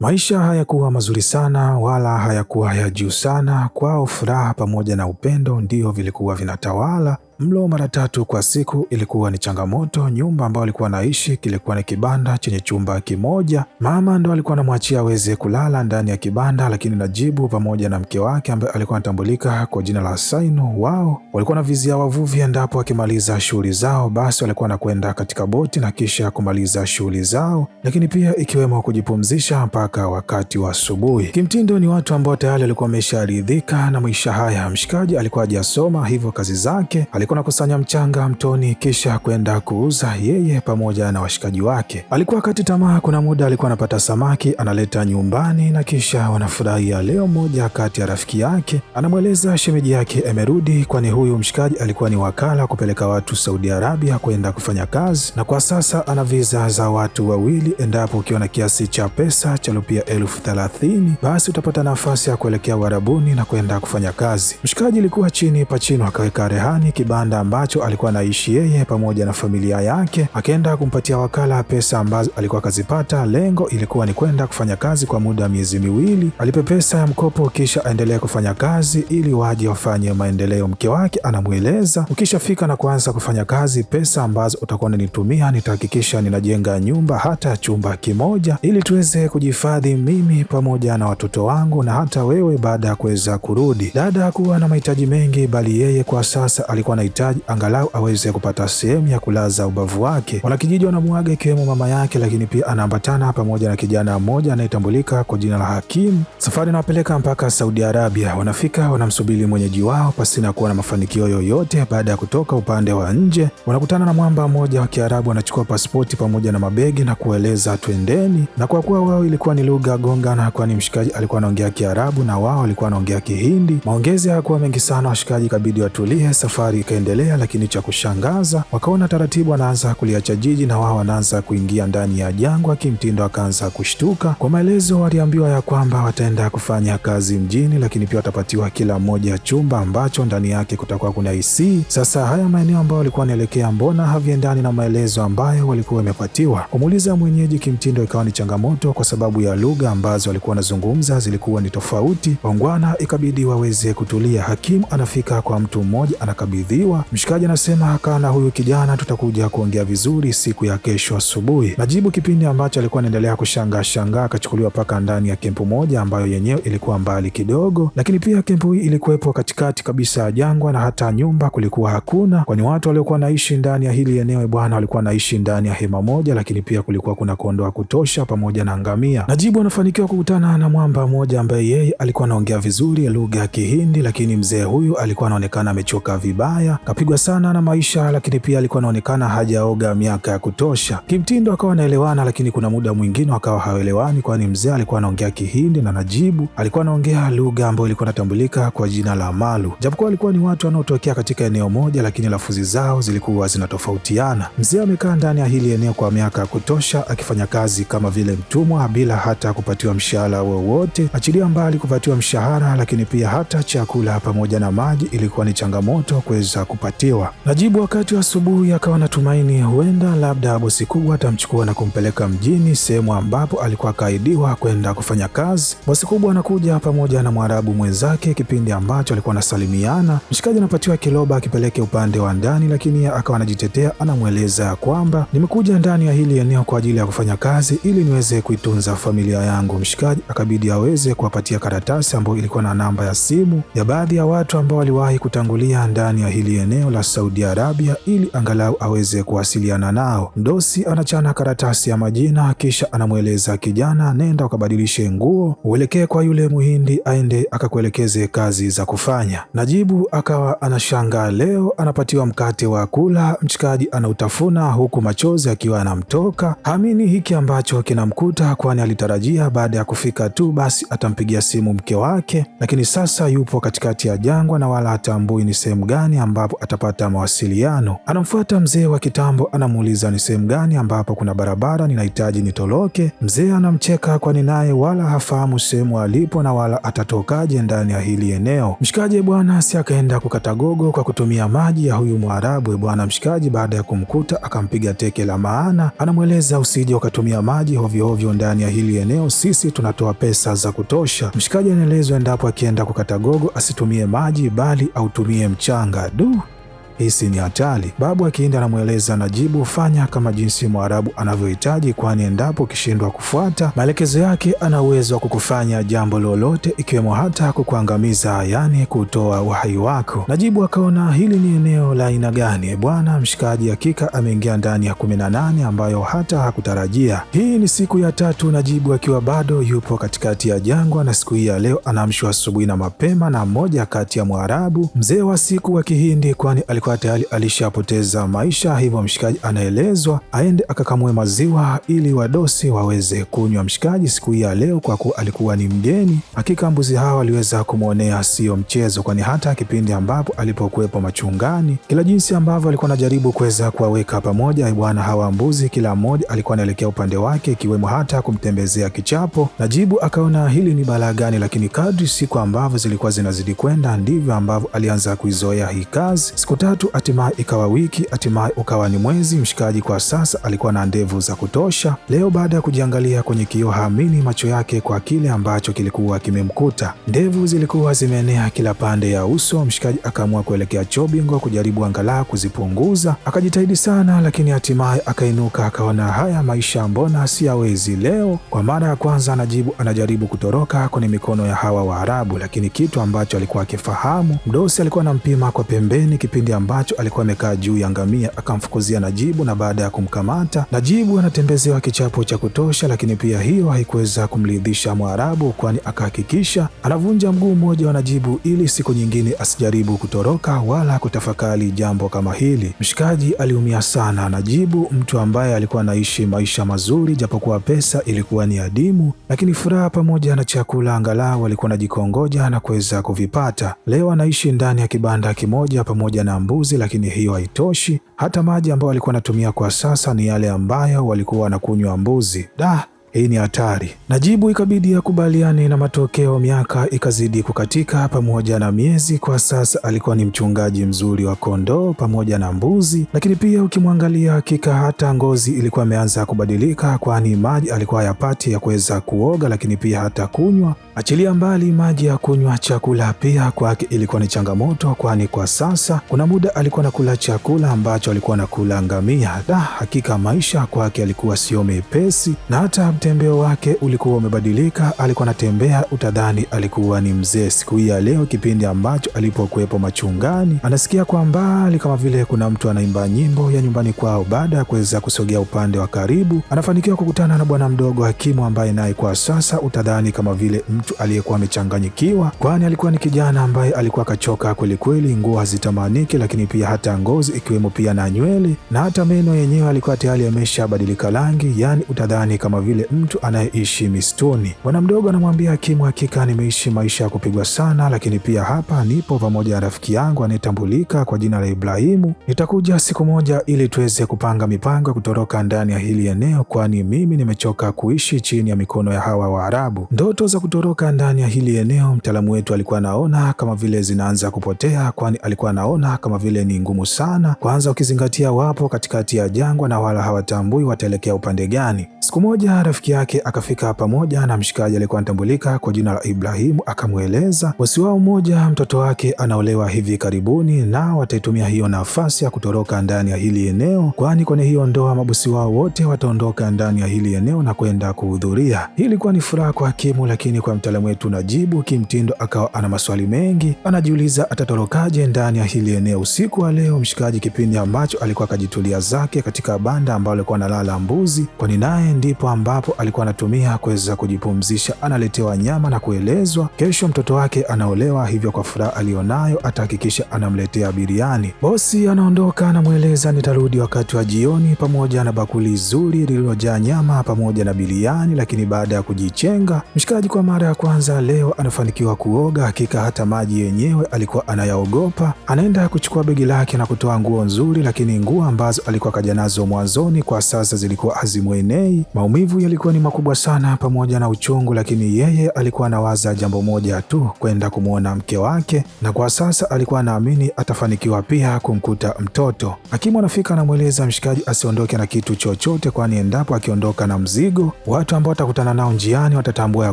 Maisha hayakuwa mazuri sana wala hayakuwa ya juu sana kwao. Furaha pamoja na upendo ndio vilikuwa vinatawala Mlo mara tatu kwa siku ilikuwa ni changamoto. Nyumba ambayo alikuwa anaishi kilikuwa ni kibanda chenye chumba kimoja. Mama ndo alikuwa anamwachia aweze kulala ndani ya kibanda, lakini Najibu pamoja na mke wake ambaye alikuwa anatambulika kwa jina la Saino, wao walikuwa na vizia wavuvi, endapo wakimaliza shughuli zao, basi walikuwa kwenda katika boti na kisha kumaliza shughuli zao, lakini pia ikiwemo kujipumzisha mpaka wakati wa asubuhi. Kimtindo ni watu ambao tayari walikuwa wamesharidhika na maisha haya. Mshikaji alikuwa hajasoma, hivyo kazi zake alikuwa anakusanya mchanga mtoni kisha kwenda kuuza yeye pamoja na washikaji wake. Alikuwa kati tamaa, kuna muda alikuwa anapata samaki analeta nyumbani na kisha wanafurahia. Leo mmoja kati ya rafiki yake anamweleza shemeji yake amerudi, kwani huyu mshikaji alikuwa ni wakala kupeleka watu Saudi Arabia kwenda kufanya kazi, na kwa sasa ana viza za watu wawili. Endapo ukiwa na kiasi cha pesa cha rupia elfu thelathini basi utapata nafasi ya kuelekea Uarabuni na kwenda kufanya kazi. Mshikaji alikuwa chini pachino akaweka rehani kiba kibanda ambacho alikuwa anaishi yeye pamoja na familia yake, akaenda kumpatia wakala pesa ambazo alikuwa akazipata. Lengo ilikuwa ni kwenda kufanya kazi kwa muda wa miezi miwili, alipe pesa ya mkopo, kisha aendelee kufanya kazi ili waje wafanye maendeleo. Mke wake anamweleza, ukishafika na kuanza kufanya kazi, pesa ambazo utakuwa unanitumia nitahakikisha ninajenga nyumba, hata chumba kimoja, ili tuweze kujihifadhi mimi pamoja na watoto wangu na hata wewe baada ya kuweza kurudi. Dada hakuwa na mahitaji mengi, bali yeye kwa sasa alikuwa na anahitaji angalau aweze kupata sehemu ya kulaza ubavu wake. Wanakijiji wanamuaga ikiwemo mama yake, lakini pia anaambatana pamoja na kijana mmoja anayetambulika kwa jina la Hakimu. Safari inawapeleka mpaka Saudi Arabia. Wanafika, wanamsubiri mwenyeji wao pasina kuwa na mafanikio yoyote. Baada ya kutoka upande wa nje, wanakutana na mwamba mmoja wa Kiarabu, anachukua pasipoti pamoja na mabegi na kueleza twendeni, na kwa kuwa wao ilikuwa ni lugha gongana, kwani mshikaji alikuwa anaongea Kiarabu na wao walikuwa wanaongea Kihindi, maongezi hayakuwa mengi sana, washikaji kabidi watulie. Safari kikaendelea, lakini cha kushangaza wakaona taratibu anaanza kuliacha jiji na wao wanaanza kuingia ndani ya jangwa. Kimtindo akaanza kushtuka. Kwa maelezo, waliambiwa ya kwamba wataenda kufanya kazi mjini, lakini pia watapatiwa kila mmoja chumba ambacho ndani yake kutakuwa kuna AC. Sasa haya maeneo ambayo walikuwa wanaelekea mbona haviendani na maelezo ambayo walikuwa wamepatiwa? Kumuuliza mwenyeji Kimtindo ikawa ni changamoto kwa sababu ya lugha ambazo walikuwa wanazungumza zilikuwa ni tofauti. Wangwana ikabidi waweze kutulia. Hakimu anafika kwa mtu mmoja anakabidhiwa kuchukuliwa? mshikaji anasema hakana, huyu kijana tutakuja kuongea vizuri siku ya kesho asubuhi. najibu kipindi ambacho alikuwa anaendelea kushangaa shangaa, akachukuliwa mpaka ndani ya kempu moja ambayo yenyewe ilikuwa mbali kidogo, lakini pia kempu hii ilikuwepo katikati kabisa ya jangwa na hata nyumba kulikuwa hakuna, kwani watu waliokuwa naishi ndani ya hili eneo eh bwana walikuwa naishi ndani ya hema moja, lakini pia kulikuwa kuna kondoo wa kutosha pamoja na ngamia. Najibu anafanikiwa kukutana na mwamba mmoja ambaye yeye alikuwa anaongea vizuri lugha ya Kihindi, lakini mzee huyu alikuwa anaonekana amechoka vibaya kapigwa sana na maisha, lakini pia alikuwa anaonekana hajaoga miaka ya kutosha. Kimtindo akawa anaelewana, lakini kuna muda mwingine akawa hawelewani kwani mzee alikuwa anaongea Kihindi na Najibu alikuwa anaongea lugha ambayo ilikuwa inatambulika kwa jina la Malu. Japokuwa walikuwa ni watu wanaotokea katika eneo moja, lakini lafudhi zao zilikuwa zinatofautiana. Mzee amekaa ndani ya hili eneo kwa miaka ya kutosha akifanya kazi kama vile mtumwa bila hata kupatiwa mshahara wowote, achilia mbali kupatiwa mshahara, lakini pia hata chakula pamoja na maji ilikuwa ni changamoto kuweza kupatiwa. Najibu wakati wa asubuhi akawa na tumaini huenda labda bosi kubwa atamchukua na kumpeleka mjini, sehemu ambapo alikuwa akaahidiwa kwenda kufanya kazi. Bosi kubwa anakuja pamoja na Mwarabu mwenzake. Kipindi ambacho alikuwa anasalimiana, mshikaji anapatiwa kiloba akipeleke upande wa ndani, lakini akawa anajitetea, anamweleza kwamba nimekuja ndani ya hili eneo kwa ajili ya kufanya kazi ili niweze kuitunza familia yangu. Mshikaji akabidi aweze kuwapatia karatasi ambayo ilikuwa na namba ya simu ya baadhi ya watu ambao waliwahi kutangulia ndani ya hili kuwasili eneo la Saudi Arabia ili angalau aweze kuwasiliana nao. Mdosi anachana karatasi ya majina, kisha anamweleza kijana, nenda ukabadilishe nguo uelekee kwa yule Muhindi aende akakuelekeze kazi za kufanya. Najibu akawa anashangaa, leo anapatiwa mkate wa kula, mchikaji anautafuna huku machozi akiwa anamtoka. Hamini hiki ambacho kinamkuta, kwani alitarajia baada ya kufika tu basi atampigia simu mke wake, lakini sasa yupo katikati ya jangwa na wala hatambui ni sehemu gani ambapo atapata mawasiliano. Anamfuata mzee wa kitambo, anamuuliza ni sehemu gani ambapo kuna barabara, ninahitaji nitoroke. Mzee anamcheka, kwani naye wala hafahamu sehemu alipo na wala atatokaje ndani ya hili eneo. Mshikaji bwana si akaenda kukata gogo kwa kutumia maji ya huyu Mwarabu bwana. Mshikaji baada ya kumkuta akampiga teke la maana, anamweleza usije ukatumia maji hovyohovyo ndani ya hili eneo, sisi tunatoa pesa za kutosha. Mshikaji anaelezwa endapo akienda kukata gogo asitumie maji bali autumie mchanga. 物。hisi ni hatari. Babu akienda anamweleza Najibu fanya kama jinsi Mwarabu anavyohitaji, kwani endapo ukishindwa kufuata maelekezo yake ana uwezo wa kukufanya jambo lolote, ikiwemo hata kukuangamiza, yani kutoa uhai wako. Najibu akaona hili ni eneo la aina gani e bwana. Mshikaji hakika ameingia ndani ya 18 ambayo hata hakutarajia. Hii ni siku ya tatu, Najibu akiwa bado yupo katikati ya jangwa, na siku hii ya leo anaamshwa asubuhi na mapema na mmoja kati ya Mwarabu, mzee wa siku wa Kihindi, kwani alikuwa alikuwa tayari alishapoteza maisha, hivyo mshikaji anaelezwa aende akakamue maziwa ili wadosi waweze kunywa mshikaji siku hii ya leo, kwa kuwa alikuwa ni mgeni. Hakika mbuzi hawa aliweza kumwonea sio mchezo, kwani hata kipindi ambapo alipokuwepo machungani, kila jinsi ambavyo alikuwa anajaribu kuweza kuwaweka pamoja eh, bwana hawa mbuzi, kila mmoja alikuwa anaelekea upande wake, ikiwemo hata kumtembezea kichapo. Najibu akaona hili ni balaa gani, lakini kadri siku ambavyo zilikuwa zinazidi kwenda ndivyo ambavyo alianza kuizoea hii kazi. siku tatu tatu, hatimaye ikawa wiki, hatimaye ukawa ni mwezi. Mshikaji kwa sasa alikuwa na ndevu za kutosha. Leo baada ya kujiangalia kwenye kioo, haamini macho yake kwa kile ambacho kilikuwa kimemkuta. Ndevu zilikuwa zimeenea kila pande ya uso. Mshikaji akaamua kuelekea choo bingwa kujaribu angalaa kuzipunguza. Akajitahidi sana, lakini hatimaye akainuka, akaona haya maisha, mbona siyawezi leo. Kwa mara ya kwanza anajibu, anajaribu kutoroka kwenye mikono ya hawa Waarabu, lakini kitu ambacho alikuwa akifahamu, mdosi alikuwa anampima kwa pembeni kipindi ambacho alikuwa amekaa juu ya ngamia akamfukuzia Najibu, na baada ya kumkamata Najibu anatembezewa kichapo cha kutosha, lakini pia hiyo haikuweza kumridhisha Mwarabu, kwani akahakikisha anavunja mguu mmoja wa Najibu ili siku nyingine asijaribu kutoroka wala kutafakari jambo kama hili. Mshikaji aliumia sana. Najibu, mtu ambaye alikuwa anaishi maisha mazuri, japokuwa pesa ilikuwa ni adimu, lakini furaha pamoja na chakula angalau alikuwa anajikongoja na kuweza kuvipata. Leo anaishi ndani ya kibanda kimoja pamoja na mbu uchaguzi, lakini hiyo haitoshi. Hata maji ambayo walikuwa wanatumia kwa sasa ni yale ambayo walikuwa wanakunywa mbuzi. Da, hii ni hatari. Najibu ikabidi akubaliane na matokeo. Miaka ikazidi kukatika pamoja na miezi. Kwa sasa alikuwa ni mchungaji mzuri wa kondoo pamoja na mbuzi, lakini pia ukimwangalia, hakika hata ngozi ilikuwa imeanza kubadilika, kwani maji alikuwa hayapati ya kuweza kuoga, lakini pia hata kunywa. Achilia mbali maji ya kunywa, chakula pia kwake ilikuwa ni changamoto, kwani kwa sasa kuna muda alikuwa nakula chakula ambacho alikuwa nakula ngamia. Da, hakika maisha kwake alikuwa sio mepesi na hata Utembeo wake ulikuwa umebadilika, alikuwa anatembea utadhani alikuwa ni mzee. Siku hii ya leo, kipindi ambacho alipokuwepo machungani, anasikia kwa mbali kama vile kuna mtu anaimba nyimbo ya nyumbani kwao. Baada ya kuweza kusogea upande wa karibu, anafanikiwa kukutana na bwana mdogo hakimu, ambaye naye kwa sasa utadhani kama vile mtu aliyekuwa amechanganyikiwa, kwani alikuwa ni kijana ambaye alikuwa akachoka kwelikweli, nguo hazitamaniki, lakini pia hata ngozi ikiwemo pia na nywele na hata meno yenyewe alikuwa tayari ameshabadilika rangi, yaani utadhani kama vile mtu anayeishi mistuni. Bwana mdogo anamwambia hakimu, hakika nimeishi maisha ya kupigwa sana, lakini pia hapa nipo pamoja na rafiki yangu anayetambulika kwa jina la Ibrahimu. Nitakuja siku moja ili tuweze kupanga mipango ya kutoroka ndani ya hili eneo, kwani mimi nimechoka kuishi chini ya mikono ya hawa Waarabu. Ndoto za kutoroka ndani ya hili eneo mtaalamu wetu alikuwa anaona kama vile zinaanza kupotea, kwani alikuwa anaona kama vile ni ngumu sana, kwanza ukizingatia wapo katikati ya jangwa na wala hawatambui wataelekea upande gani. Siku moja rafiki yake akafika pamoja na mshikaji aliyekuwa anatambulika kwa jina la Ibrahimu, akamweleza bosi wao mmoja mtoto wake anaolewa hivi karibuni na wataitumia hiyo nafasi ya kutoroka ndani ya hili eneo, kwani kwenye hiyo ndoa mabosi wao wote wataondoka ndani ya hili eneo na kwenda kuhudhuria. Hii ilikuwa ni furaha kwa Hakimu, lakini kwa mtaalamu wetu Najibu kimtindo akawa ana maswali mengi, anajiuliza atatorokaje ndani ya hili eneo usiku wa leo. Mshikaji kipindi ambacho alikuwa akajitulia zake katika banda ambalo alikuwa analala mbuzi, kwani naye ndipo ambapo ambapo alikuwa anatumia kuweza kujipumzisha. Analetewa nyama na kuelezwa kesho mtoto wake anaolewa, hivyo kwa furaha aliyonayo atahakikisha anamletea biriani. Bosi anaondoka, anamweleza nitarudi wakati wa jioni, pamoja na bakuli zuri lililojaa nyama pamoja na biriani. Lakini baada ya kujichenga, mshikaji kwa mara ya kwanza leo anafanikiwa kuoga. Hakika hata maji yenyewe alikuwa anayaogopa. Anaenda kuchukua begi lake na kutoa nguo nzuri, lakini nguo ambazo alikuwa kaja nazo mwanzoni kwa sasa zilikuwa hazimwenei. Maumivu yali yalikuwa ni makubwa sana pamoja na uchungu, lakini yeye alikuwa anawaza jambo moja tu, kwenda kumwona mke wake, na kwa sasa alikuwa anaamini atafanikiwa pia kumkuta mtoto. Hakimu anafika, anamweleza mshikaji asiondoke na kitu chochote, kwani endapo akiondoka na mzigo, watu ambao watakutana nao njiani watatambua ya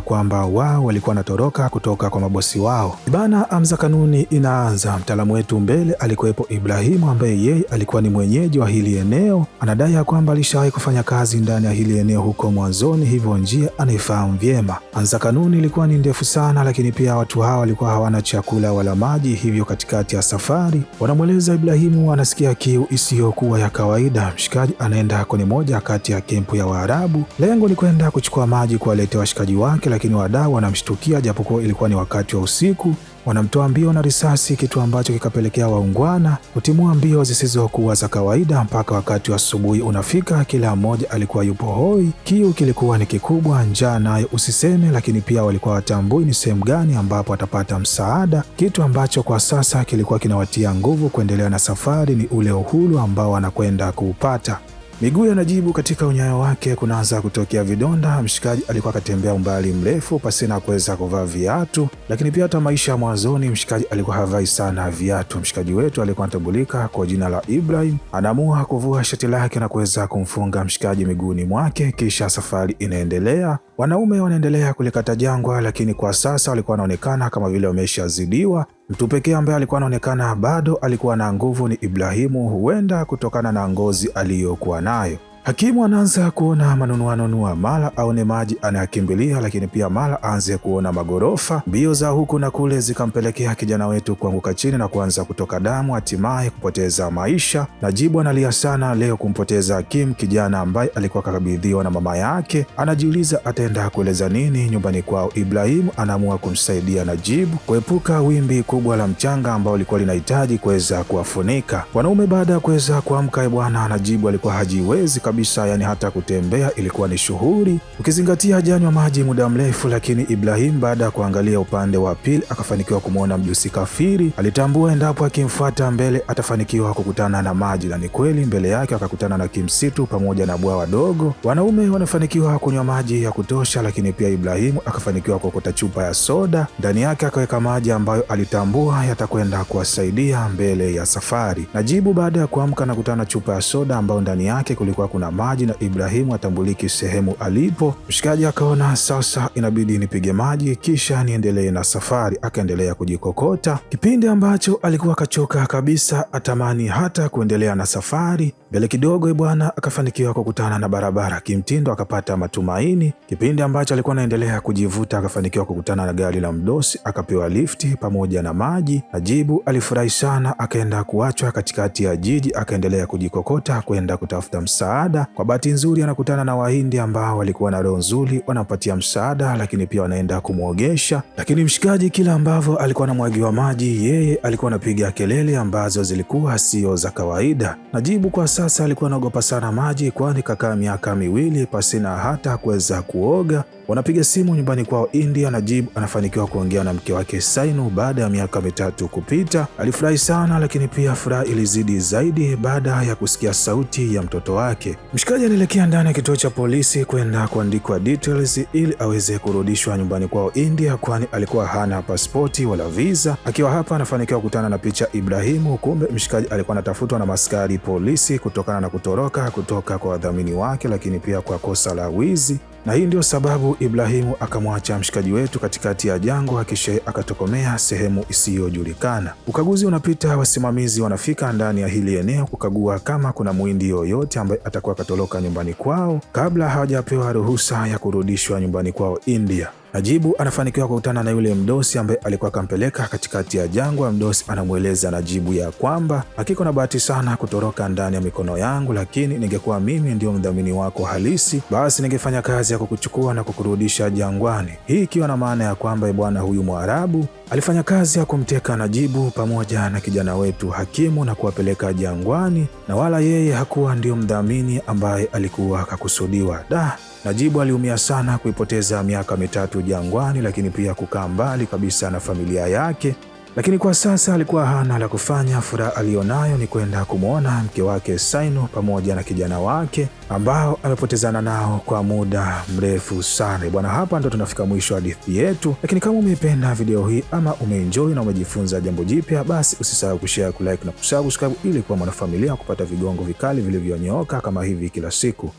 kwamba wao walikuwa wanatoroka kutoka kwa mabosi wao. Bana Amza, kanuni inaanza. Mtaalamu wetu mbele alikuwepo Ibrahimu, ambaye yeye alikuwa ni mwenyeji wa hili eneo, anadai ya kwamba alishawahi kufanya kazi ndani ya hili eneo huko mwanzo mwanzoni, hivyo njia anaifahamu vyema. Anza kanuni ilikuwa ni ndefu sana, lakini pia watu hawa walikuwa hawana chakula wala maji, hivyo katikati ya safari wanamweleza Ibrahimu anasikia kiu isiyokuwa ya kawaida. Mshikaji anaenda kwenye moja kati ya kempu ya Waarabu, lengo ni kwenda kuchukua maji kuwaletea washikaji wake, lakini wadau wanamshtukia, japokuwa ilikuwa ni wakati wa usiku wanamtoa mbio na risasi, kitu ambacho kikapelekea waungwana kutimua mbio zisizokuwa za kawaida mpaka wakati wa asubuhi unafika, kila mmoja alikuwa yupo hoi. Kiu kilikuwa ni kikubwa, njaa nayo usiseme, lakini pia walikuwa watambui ni sehemu gani ambapo atapata msaada, kitu ambacho kwa sasa kilikuwa kinawatia nguvu kuendelea na safari, ni ule uhuru ambao anakwenda kuupata. Miguu ya Najibu katika unyayo wake kunaanza kutokea vidonda. Mshikaji alikuwa akatembea umbali mrefu pasina kuweza kuvaa viatu, lakini pia hata maisha ya mwanzoni mshikaji alikuwa havai sana viatu. Mshikaji wetu alikuwa anatambulika kwa jina la Ibrahim, anaamua kuvua shati lake na kuweza kumfunga mshikaji miguuni mwake, kisha safari inaendelea. Wanaume wanaendelea kulikata jangwa, lakini kwa sasa walikuwa wanaonekana kama vile wameshazidiwa Mtu pekee ambaye alikuwa anaonekana bado alikuwa na nguvu ni Ibrahimu, huenda kutokana na ngozi aliyokuwa nayo. Hakimu anaanza kuona manunuanunua mala mara aone maji anayakimbilia, lakini pia mara aanze kuona magorofa. Mbio za huku na kule zikampelekea kijana wetu kuanguka chini na kuanza kutoka damu, hatimaye kupoteza maisha. Najibu analia sana leo kumpoteza Hakimu, kijana ambaye alikuwa kakabidhiwa na mama yake. Anajiuliza ataenda kueleza nini nyumbani kwao. Ibrahimu anaamua kumsaidia Najibu kuepuka wimbi kubwa la mchanga ambao likuwa linahitaji kuweza kuwafunika wanaume. Baada ya kuweza kuamka, ee bwana Najibu alikuwa hajiwezi kabisa, yani hata kutembea ilikuwa ni shughuli, ukizingatia hajanywa maji muda mrefu. Lakini Ibrahim baada ya kuangalia upande wa pili akafanikiwa kumwona mjusi kafiri. Alitambua endapo akimfuata mbele atafanikiwa kukutana na maji, na ni kweli, mbele yake akakutana na kimsitu pamoja na bwawa dogo. Wanaume wanafanikiwa kunywa maji ya kutosha, lakini pia Ibrahimu akafanikiwa kuokota chupa ya soda, ndani yake akaweka maji ambayo alitambua yatakwenda kuwasaidia mbele ya safari. Najibu baada ya kuamka nakutana na chupa ya soda ambayo ndani yake kulikuwa kuna kuona maji na Ibrahimu atambuliki sehemu alipo. Mshikaji akaona sasa inabidi nipige maji kisha niendelee na safari, akaendelea kujikokota, kipindi ambacho alikuwa akachoka kabisa, atamani hata kuendelea na safari. Mbele kidogo e bwana akafanikiwa kukutana na barabara kimtindo, akapata matumaini. Kipindi ambacho alikuwa anaendelea kujivuta, akafanikiwa kukutana na gari la mdosi, akapewa lifti pamoja na maji. Najibu alifurahi sana, akaenda kuachwa katikati ya jiji, akaendelea kujikokota kwenda kutafuta msaada msaada. Kwa bahati nzuri, anakutana na Wahindi ambao walikuwa na roho nzuri, wanampatia msaada, lakini pia wanaenda kumwogesha. Lakini mshikaji, kila ambavyo alikuwa anamwagiwa maji, yeye alikuwa anapiga kelele ambazo zilikuwa sio za kawaida. Najibu kwa sasa alikuwa anaogopa sana maji, kwani kakaa miaka miwili pasina hata kuweza kuoga Wanapiga simu nyumbani kwao India. Najib anafanikiwa kuongea na mke wake Sainu baada ya miaka mitatu kupita. Alifurahi sana, lakini pia furaha ilizidi zaidi baada ya kusikia sauti ya mtoto wake. Mshikaji anaelekea ndani ya kituo cha polisi kwenda kuandikwa details ili aweze kurudishwa nyumbani kwao India, kwani alikuwa hana pasipoti wala visa. Akiwa hapa, anafanikiwa kukutana na picha Ibrahimu. Kumbe mshikaji alikuwa anatafutwa na maskari polisi kutokana na kutoroka kutoka kwa wadhamini wake, lakini pia kwa kosa la wizi. Na hii ndio sababu Ibrahimu akamwacha mshikaji wetu katikati ya jangwa, akishe akatokomea sehemu isiyojulikana. Ukaguzi unapita, wasimamizi wanafika ndani ya hili eneo kukagua kama kuna mwindi yoyote ambaye atakuwa akatoroka nyumbani kwao kabla hawajapewa ruhusa ya kurudishwa nyumbani kwao India. Najibu anafanikiwa kukutana na yule mdosi ambaye alikuwa akampeleka katikati ya jangwa. Mdosi anamweleza Najibu ya kwamba hakika na bahati sana kutoroka ndani ya mikono yangu, lakini ningekuwa mimi ndio mdhamini wako halisi, basi ningefanya kazi ya kukuchukua na kukurudisha jangwani. Hii ikiwa na maana ya kwamba bwana huyu Mwarabu alifanya kazi ya kumteka Najibu pamoja na kijana wetu Hakimu na kuwapeleka jangwani, na wala yeye hakuwa ndio mdhamini ambaye alikuwa akakusudiwa. Da, Najibu aliumia sana kuipoteza miaka mitatu jangwani, lakini pia kukaa mbali kabisa na familia yake. Lakini kwa sasa alikuwa hana la kufanya. Furaha aliyonayo ni kwenda kumwona mke wake Saino pamoja na kijana wake ambao amepotezana nao kwa muda mrefu sana. Bwana, hapa ndo tunafika mwisho hadithi yetu, lakini kama umeipenda video hii ama umeenjoy na umejifunza jambo jipya, basi usisahau kushare, kulike na kusubscribe ili kuwa mwanafamilia kupata vigongo vikali vilivyonyooka kama hivi kila siku.